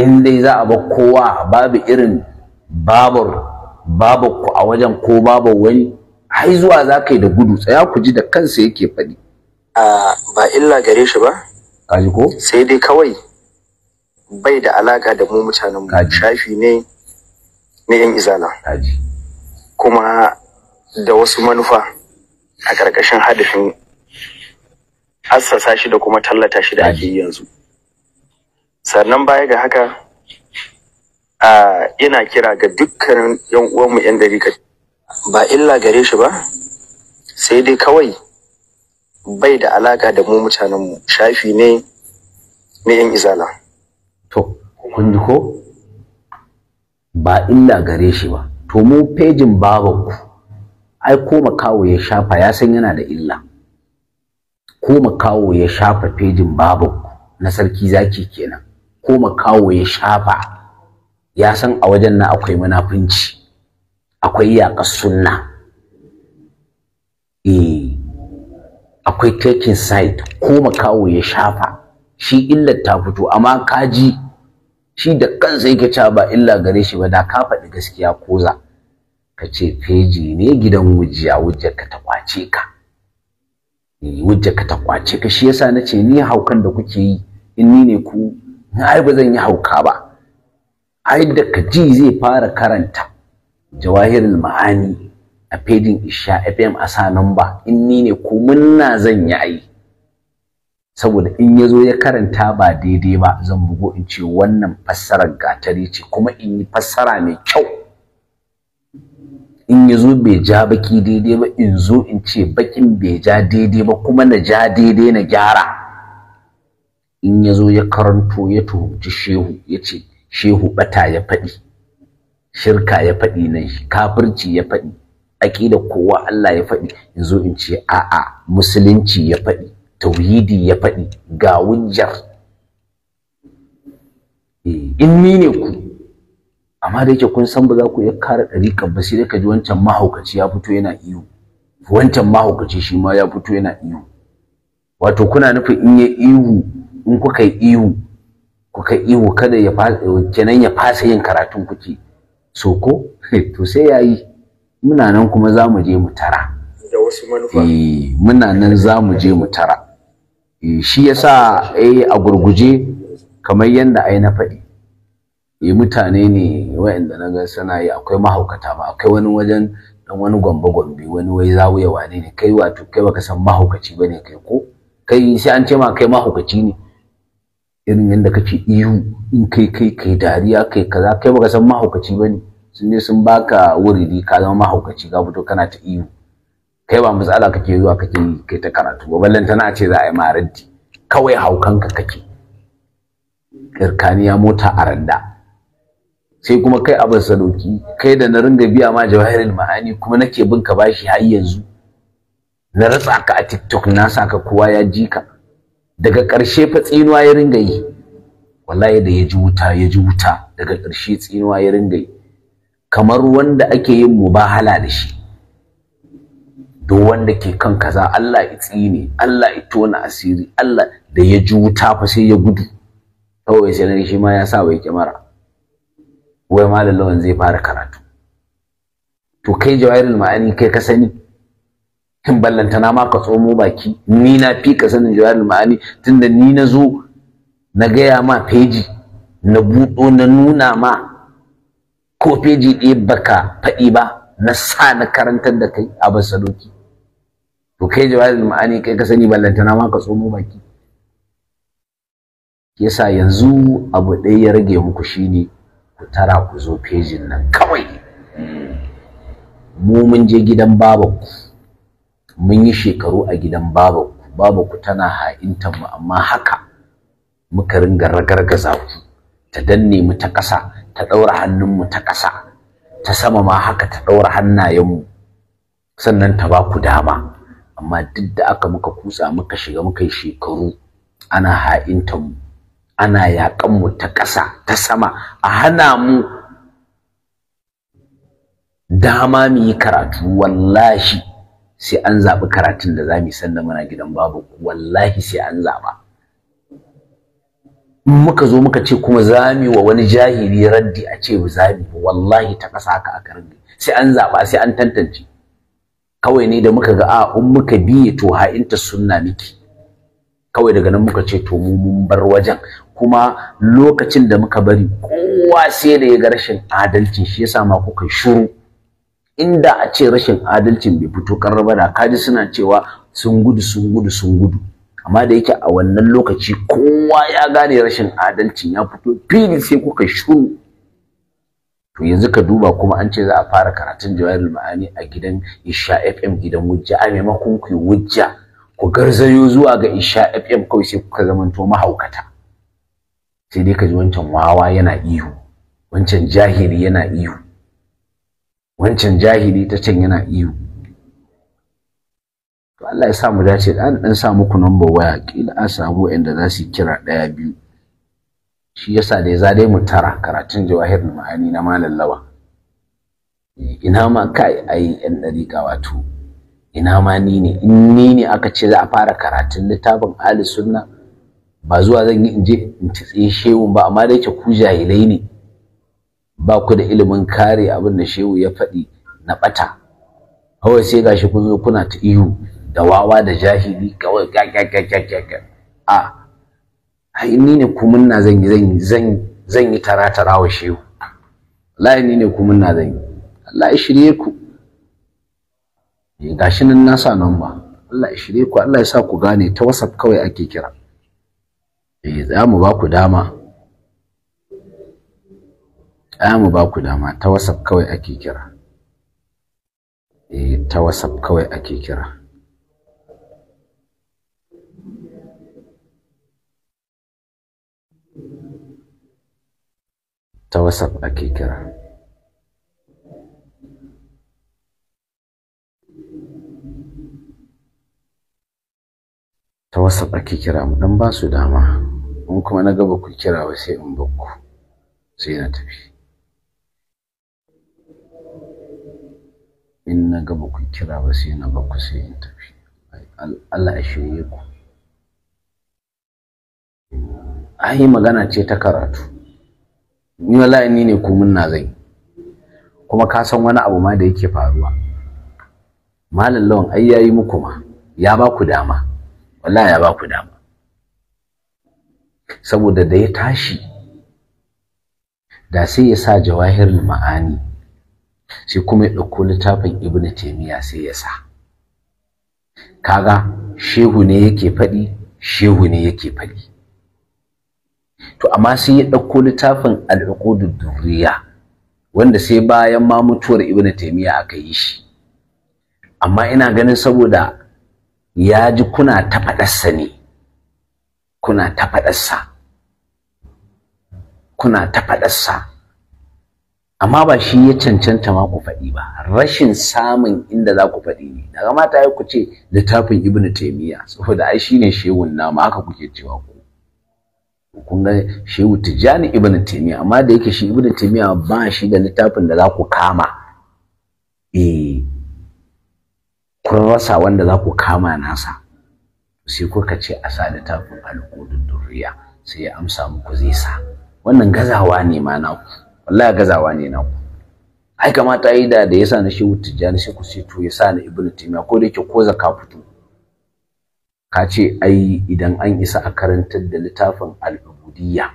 in dai za a ba kowa babu irin babur babu ku a wajen ko babu wani har zuwa za ka yi da gudu tsaya ku ji da kansa yake faɗi. ba illa gare shi ba kaji ko sai dai kawai bai da alaka da mu mutanen mu shafi ne na yan izala kaji kuma da wasu manufa a ƙarƙashin hadafin assasa shi da kuma tallata shi da ake yanzu sannan baya ga haka yana kira ga dukkanin yan uwanmu yan dariƙa ba illa gare shi ba sai dai kawai bai da alaka da mu mutanenmu shafi ne na yan izala to kun ji ko ba illa gare shi ba to mu fejin babanku ai ko kawo ya shafa ya san yana da illa ko kawo ya shafa fejin babanku na sarki zaki kenan ko makawo ya shafa ya san a wajen nan akwai munafunci akwai yaƙar sunna E, akwai taking side ko makawo ya shafa shi illar ta fito amma kaji shi da kansa yake cewa ba illa gare shi ba da ka faɗi gaskiya ko za ka ce feji ne gidan wujiya wujjar ka ta kwace ka eh, wujjar ka ta kwace ka shi yasa nace ni haukan da kuke yi in ni ne ku na ai ba zan yi hauka ba ai da kaji zai fara karanta jawahirul ma'ani a fedin isha fm a sa namba in ni ne ko munna zan yi ai saboda in ya zo ya karanta ba daidai ba zan bugo in ce wannan fassarar gatari ce kuma in yi fassara mai kyau in ya zo bai ja baki daidai ba in zo in ce bakin bai ja daidai ba kuma na ja daidai na gyara in ya zo ya karanto ya tuhumci shehu ya ce shehu ɓata ya faɗi shirka ya faɗi nan kafirci ya faɗi aƙida kowa Allah ya faɗi in zo in ce a'a musulunci ya faɗi tauhidi ya faɗi ga wujjar eh, in ni ne ku amma da yake kun san ba za ku iya kare ɗariƙar ba sai dai ka ji wancan mahaukaci ya fito yana iyo wancan mahaukaci shi ma ya fito yana iyo wato kuna nufin in ya ihu in kuka yi ihu kuka ihu kada ya kenan ya fasa yin karatun kuke so ko <laughs> to sai yayi muna nan kuma za mu je mu tara da wasu manufa eh muna nan za mu je mu tara eh, shi yasa eh a gurguje kamar yanda ai na faɗi eh mutane ne waɗanda na ga suna yi akwai mahaukata ba akwai wani wajen dan wani gombe gombe wani wai ya wane ne kai wato kai baka san mahaukaci bane kai ko kai sai an ce ma kai mahaukaci ne irin yadda kake ihu in kai kai kai dariya kai kaza kai baka san mahaukaci bane sun ne sun baka wuridi ka zama mahaukaci ga fito kana ta ihu kai ba matsala kake zuwa kake kai ta karatu ba ballan tana ce za a yi ma kawai haukanka kake kirkaniya mota a randa sai kuma kai abin sadoki kai da na ringa biya ma jawahirul ma'ani kuma nake bin ka bashi har yanzu na ratsa ka a tiktok na sa ka kowa ya ji ka daga ƙarshe fa tsinuwa ya ringa yi wallahi da ya ji wuta ya ji wuta daga ƙarshe tsinuwa ya ringa yi kamar wanda ake yin mubahala da shi duk wanda ke kan kaza Allah ya tsine Allah ya tona asiri Allah da ya ji wuta fa sai ya gudu kawai sai nan shi ma ya sa wai kyamara wai malallawan zai fara karatu to kai jawairul ma'ani kai ka sani <laughs> ballantana ma ka tsomo baki ni na fi ka sanin jawarin ma'ani tunda ni na zo na gaya ma feji na buɗo na nuna ma ko feji ɗaya baka faɗi ba na sa na karantar da kai a basadoki to kai jawarin ma'ani kai ka sani ballantana ma ka tsomo baki yasa yanzu abu ɗaya ya rage muku shine ku tara ku zo fejin nan kawai mu mun je gidan babanku mun yi shekaru a gidan ku. babanku ku tana ha'intar mu amma haka muka ringa ragargaza ku ta danne mu ta ƙasa ta ɗaura mu ta ƙasa ta sama ma haka ta ɗaura hannayenmu sannan ta ba ku dama amma duk da aka muka kutsa muka shiga muka yi shekaru ana ha'intanmu, ana yaƙan mu ta ƙasa ta sama a hana mu dama mu yi karatu wallahi sai an zaɓi karatun da za mu sanda muna gidan babu wallahi sai an zaɓa in muka zo muka ce kuma za wa wani jahili raddi a ce za mu wallahi ta kasa haka aka ringa sai an zaɓa sai an tantance kawai ne da muka ga a ah, in muka biye to ha'inta sunna miki kawai daga nan muka ce to mu mun bar wajen kuma lokacin da muka bari kowa sai da ya ga rashin adalci shi yasa ma kuka shuru inda a ce rashin adalcin bai fito karraba da kaji suna cewa sun gudu sun gudu sun gudu amma da yake a wannan lokaci kowa ya gane rashin adalcin ya fito fili sai kuka shuru to yanzu ka duba kuma an ce za a fara karatun jawahirul ma'ani a gidan Isha FM gidan Wujja a maimakon ku yi Wujja ku garzayo zuwa ga Isha FM kawai sai kuka zamanto mahaukata sai dai ka ji wancan wawa yana ihu wancan jahiri yana ihu wancan jahili ta can yana iyo to Allah ya sa mu dace dan dan sa muku number waya kila a samu inda za su kira daya biyu shi yasa da za dai mu tara karatun jawahir ma'ani na malam lawa ina ma kai ai yan dariƙa wato ina ma ni ne in ni ne aka ce za a fara karatun littafin ali sunna ba zuwa zan yi in je in tsaye shehun ba amma dai yake ku jahilai ne ba ku da ilimin kare abin da shehu ya faɗi na ɓata kawai sai gashi kun zo kuna ta ihu da wawa da jahili kawai kyakkyakkyakkyakkyakkyar a ai ni ne na zan yi zan yi tara tara wa shehu wallahi ni ne na zan yi Allah ya shirye ku eh, gashi nan na sa nan ba Allah ya shirye ku Allah ya sa ku gane ta WhatsApp kawai ake kira eh za mu ba ku dama mu ba ku dama ta WhatsApp kawai ake kira eh ta WhatsApp kawai ake kira ta WhatsApp ake kira ta WhatsApp ake kira mu dan ba su dama in kuma na gaba ku kira wa sai in bakku sai na tafi in na ga ba ku kira ba sai na ba ku sai in tafi Allah ya shirye ku ai magana ce ta karatu ni wallahi ni ne mun na zai kuma ka san wani abu ma da yake faruwa malam lawan ai yayi muku ma ya ba ku dama wallahi ya ba ku dama saboda da ya tashi da sai ya sa jawahirul ma'ani shi kuma ya ɗauko littafin ibn sai ya sa kaga shehu ne yake faɗi shehu ne yake faɗi to amma sai ya ɗauko littafin al'uqudud durriya wanda sai bayan ma mutuwar ibn aka yi shi amma ina ganin saboda ya ji kuna ta faɗarsa ne kuna ta faɗarsa kuna ta faɗarsa amma ba shi ya cancanta ma ku faɗi ba rashin samun inda za ku faɗi ne daga mata ya ku ce littafin ibnu taymiya saboda ai shine shehun nama, haka kuke cewa ku kun ga shehu tijjani ibnu taymiya amma da yake shi ibnu taymiya ba shi da littafin da za ku kama eh kun rasa wanda za ku kama nasa sai kuka ce a sa littafin alƙudun durriya sai ya amsa muku zai sa wannan gazawa ne ma naku wallahi gazawa ne na ai kamata yi da da yasa na ja tijjani shi ku ce to yasa na ibnu taymiya ko da yake ko zaka fito ka ce ai idan an isa a karantar da littafin al-ubudiyya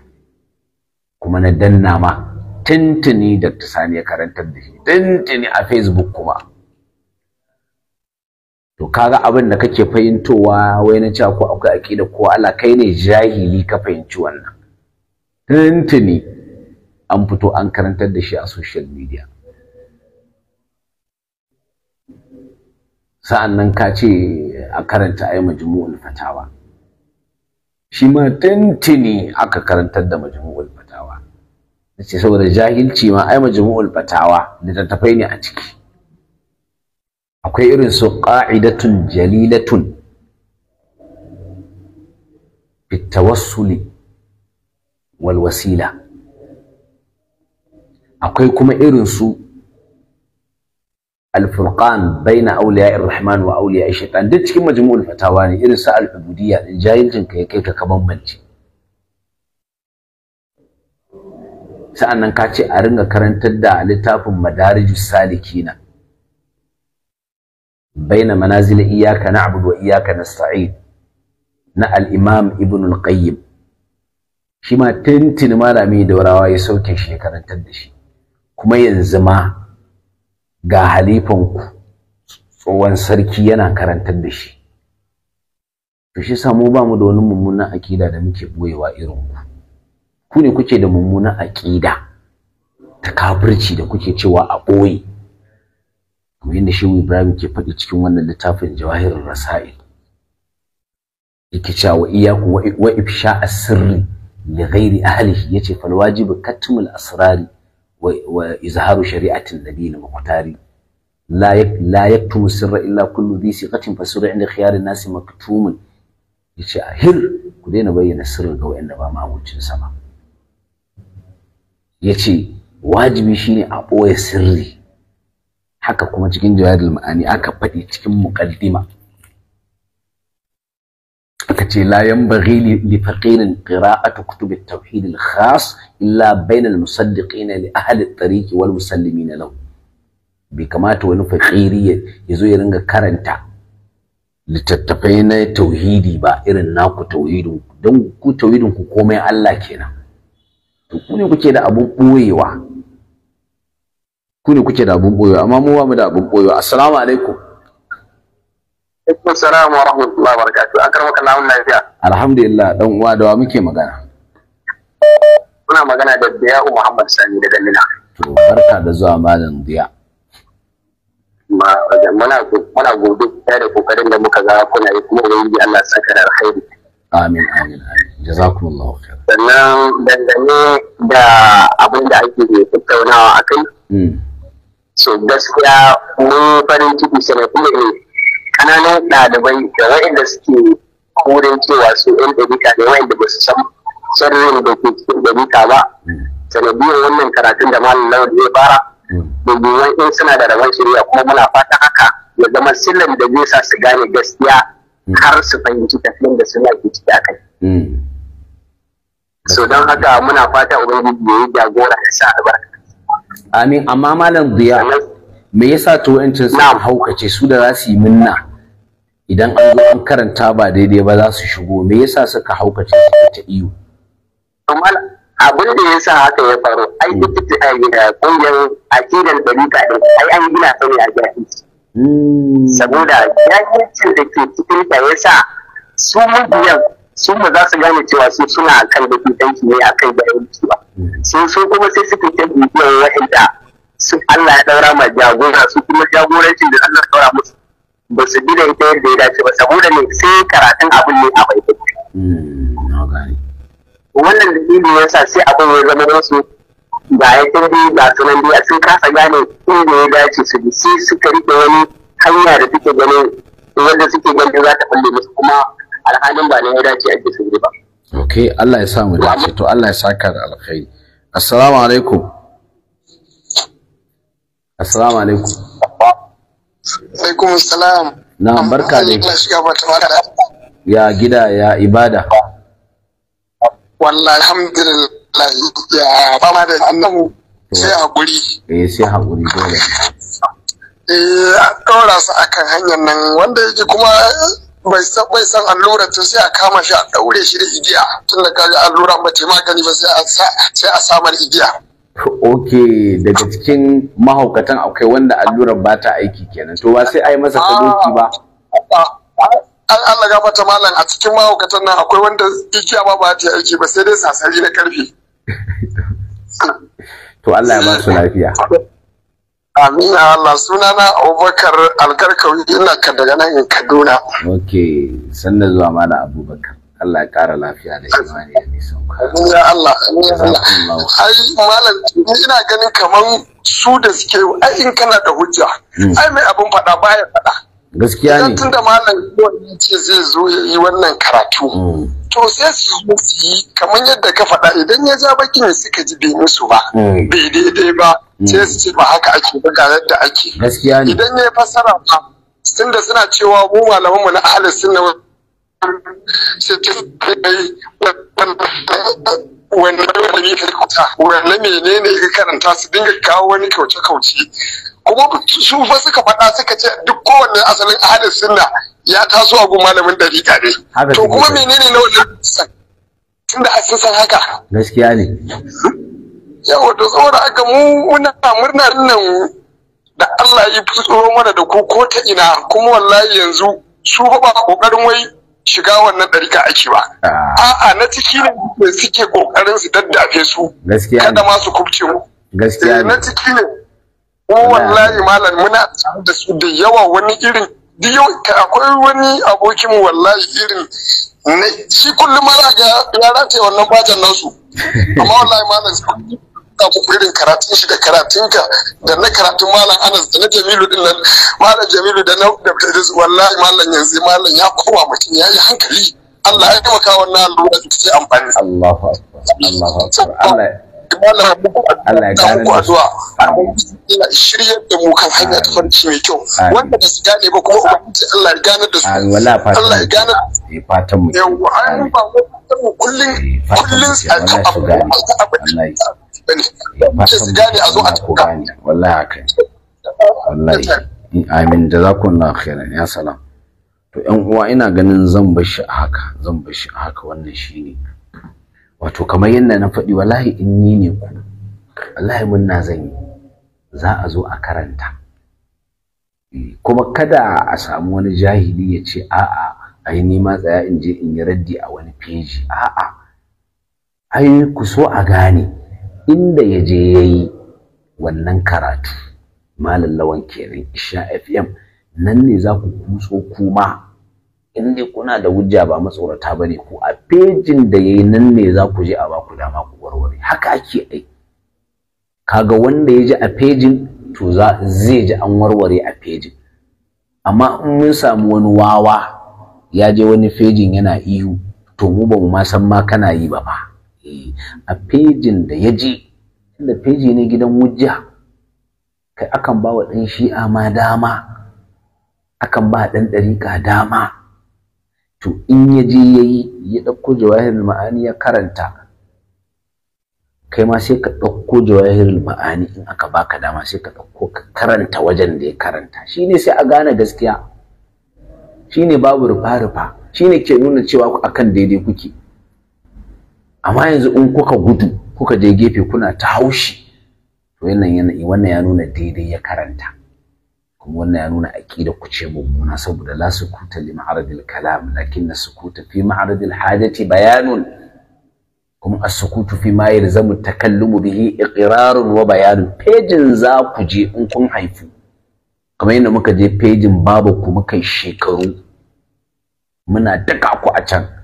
kuma na danna ma tintini da sani ya karantar da shi tintini a facebook kuma to kaga abin da kake fahimtowa wai na cewa ko akwai aqida ko Allah kai ne jahili ka fahimci wannan Tintini. an fito an karantar da shi a social media sa'an nan ka ce a karanta ai majmu'ul fatawa shi ma tantini aka karantar da majmu'ul fatawa nace saboda jahilci ma ai majmu'ul fatawa littattafai ne a ciki akwai irin su qa'idatun jalilatun bitawassuli wal wasila akwai kuma irin su al-furqan baina awliya'ir rahman wa awliya'ish shaitan duk cikin majmu'ul fatawa ne irin sa al-ubudiyya din jahilcin ka ya kai ka bambance nan ka ce a ringa karantar da littafin madariju salikina baina manazila iyaka na'budu wa iyyaka nasta'in na al-imam ibn al-qayyim shi ma tuntuni malami daurawa ya sauke shi ya karantar da shi kuma yanzu ma ga halifanku tsohon sarki yana karantar da shi to shi samu ba mu da wani mummunan aƙida da muke boyewa irin ku ku ne kuke da mummunan aƙida ta kafirci da kuke cewa a ɓoye kamar yadda shehu ibrahim ke faɗi cikin wannan littafin jawahirin rasail yake cewa iyaku wa ifsha asirri li ghairi ahlihi yace fal wajibu katmul asrari wa izharu shari'atin nabi al-muqtari la la yaktumu sirra illa kullu dhi siqatin fa sirru inda nasi an-nas maktumun yace ahir ku daina bayyana sirrin ga wanda ba mamucin sama. ba yace wajibi shine a ɓoye sirri haka kuma cikin jawahirul ma'ani aka faɗi cikin muqaddima ce la yanbaghi li faqirin qira'atu kutub at-tauhid al-khas illa bayna al-musaddiqin li ahli at-tariq wal musallimin lahu bi kamata wani faqiri ya zo ya ringa karanta littattafai na tauhidi ba irin naku tauhidin don ku tauhidin ku komai Allah kenan to ku ne kuke da abun boyewa ku ne kuke da abun boyewa amma mu ba mu da abun boyewa assalamu alaikum Alaikum salam wa rahmatullahi wa barakatuh. Akar maka lamun lafiya. Alhamdulillah ɗan uwa da wa muke magana. Muna magana da Diya'u Muhammad Sani daga Mina. To barka da zuwa malam Diya. Muna muna godiya da kokarin da muka ga kuna yi kuma yi Allah saka da alkhairi. Amin amin amin. Jazakumullahu khair. Sannan dangane da abin da ake tattaunawa akai. Hmm. So gaskiya mun farin ciki sanadiyar ne eh, kananan ɗalibai da waɗanda suke kurin cewa su yan ɗabika ne waɗanda ba su san sarrin da ke cikin ɗabika ba sanadiyar wannan karatun da malam na zai fara dubuwan in suna da rabon shirya kuma muna fata haka ya zama silin da zai sa su gane gaskiya har su fahimci tafiyan da suna ke ciki a kai. so don haka muna fata ubangiji ya yi jagora ya sa albarka. amin amma malam biya me yasa to yancin sun haukace su da zasu yi minna idan an zo an karanta ba daidai ba za su shigo me yasa suka haukace su ta iyo abin da ya sa haka ya faru ai hmm. ita kungiyar akidan dalika din ai an gina ta ne a jahilci hmm. saboda jahilcin da ke cikin ta ya sa su mabiyan su ma za su gane cewa su suna akan da ne akan yanki ba hmm. sun so kuma sai suke ta bibiyar wa'anda su Allah ya ɗaura ma jagora su kuma jagorancin da Allah ya ɗaura musu ba su bi da ita yadda ya dace ba saboda ne sai karatun abin ne a bai hmm, wannan dalili ya sa sai abin ya zama musu ba ya kirbi ga sunan biya sun kasa gane inda ya dace su bi sai suka rike wani hanya da suke ganin wanda suke ganin za ta falle musu kuma alhalin ba ne ya dace a su ba. Ok, Allah ya samu dace, to Allah ya saka da alkhairi. Assalamu alaikum. Assalamu alaikum. Alaikum salam. Na barka ne. Ya gida ya ibada. Wallahi alhamdulillah ya fama da annabu sai hakuri. Eh sai hakuri dole. Eh ɗora su akan hanyar nan wanda yake kuma bai san bai san allura to sai a kama shi a daure shi da igiya tun da kaji allura ba ta magani ba sai a sa sai a samar igiya. ok daga cikin mahaukatan akwai wanda allurar ba ta aiki kenan to ba sai a yi masa kadoki ah. ba ah, an Allah fata malam a cikin mahaukatan nan akwai wanda igiya ba ba ta aiki ba sai dai sasari na karfi <laughs> to Allah ya ba lafiya Amin Allah sunana Abubakar Alkarkawi ina daga nan Kaduna. Ok, sannan zuwa mana Abubakar. Allah ya ƙara lafiya da imani da nisan kwana. Ya Allah, ai malam ina ganin kaman su da suke ai in kana da hujja, hmm. ai mai abin faɗa baya faɗa. Gaskiya ne. Tunda malam ya ce zai zo ya yi wannan karatu. Hmm. To sai su zo su yi kaman yadda ka faɗa idan ya ja bakin suka ji bai musu ba, hmm. bai daidai ba, sai su ce ba haka ake ba ga yadda ake. Gaskiya ne. Idan ya fasara ba, tunda suna cewa mu malamanmu na ahalin sunna sai ta kai wani malami ka kuta wani menene ka karanta su dinga kawo wani kauce-kauce kuma su fa suka faɗa suka ce duk kowanne asalin ahalin sunna ya taso a gun malamin dariƙa ne to kuma menene na wannan tunda a sun san haka gaskiya ne yawa to saboda haka mu muna murna nan da Allah ya fi tsoro mana da ku ko ta ina kuma wallahi yanzu su ba kokarin wai shiga wannan ɗarika ake ba ah. a'a na ciki ne suke kokarin su daddafe su kada ma su kubce mu gaskiya eh, na ciki ne ko wallahi malam muna da su da yawa wani irin akwai wani abokinmu wallahi irin shi kullum ma ga ya race wannan bajan nasu <laughs> amma wallahi malam faɗa muku irin karatun shi da karatun ka, da na karatun malam anas da na jamilu din nan malam jamilu da na wallahi malam yanzu malam ya koma mutum ya yi hankali Allah ya taimaka wannan allura ita ce amfani Allahu akbar Allahu akbar Allah Allah ya gane da su. Yana shirya da mu kan hanya ta farci mai kyau. Wanda ba su gane ba kuma ubangiji Allah ya gane da su. Allah ya gane da su. Eh, fatan mu. Yawwa an ba mu kullun kullun a kan abu. Allah ya bane a wallahi za ku na ya to yan uwa ina ganin zan bashi a haka zan shi a haka wannan shine wato kamar yadda na faɗi wallahi in ni ne ku wallahi mun na zan yi za a zo a karanta eh, kuma kada a samu wani jahili ya ce a'a ai ni ma tsaya in je in yi raddi a wani feji a'a ai ku so a gane inda ya je ya yi wannan karatu malam lawan kenan isha fm nan ne za ku kuso kuma in dai kuna da wujja ba matsorata ba ne ko a fejin da ya yi nan ne za ku je a baku ku dama ku warware haka ake ai kaga wanda ya ji a fejin to za zai ji an warware a fejin amma in mun samu wani wawa ya je wani fejin yana ihu to mu ba mu ma san ma kana yi ba ba a fejin da ya je inda feji ne gidan wujja kai akan ba wa ɗan shi'a ma dama akan ba ɗan ɗariƙa dama to in ya je ya yi ya ɗauko jawahirul ma'ani ya karanta kai ma sai ka ɗauko jawahirul ma'ani in aka baka dama sai ka ɗauko ka karanta wajen da ya karanta shine sai a gane gaskiya shine babu rufa-rufa shine ke nuna cewa akan daidai kuke amma yanzu in kuka gudu kuka je gefe kuna ta haushi to wannan wannan ya nuna daidai ya karanta kuma wannan ya nuna aqida ku ce mummuna saboda la sukuta li ma'aradil kalam lakin sukuta fi ma'aradil hajati bayanun kuma as-sukutu fi ma yalzamu takallumu bihi iqrarun wa bayanun pejin za ku je in kun haifu kamar yadda muka je pejin babu ku muka shekaru muna daka ku a can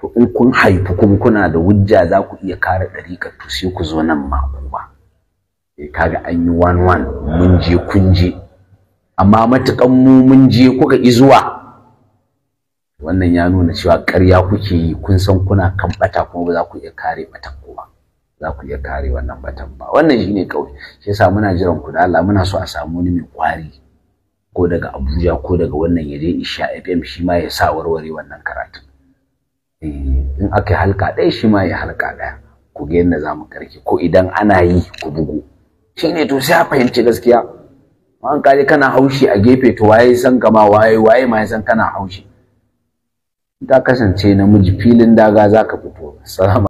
to in kun haifi kuma kuna da wujja za ku iya kare ɗariƙar to sai ku zo nan ma kuma eh, kaga an yi one one mun je kun je amma matukan mu mun je kuka zuwa? wannan ya nuna cewa ƙarya kuke yi kun san kuna kan ɓata kuma ba za ku iya kare batan ba za ku iya kare wannan batan ba wannan shine kawai shi yasa muna jiran ku da Allah muna so a samu wani mai kwari ko daga Abuja ko daga wannan yare Isha FM shi ma ya sa warware wannan karatun Eh, in aka yi halka ɗaya shi ma ya halka ɗaya ku ga yadda za mu karki ko idan ana yi ku bugu shi ne to sai a fahimci gaskiya an kaje kana haushi a gefe to waye san kama waye waye ma ya san kana haushi ta kasance namiji filin daga za ka fito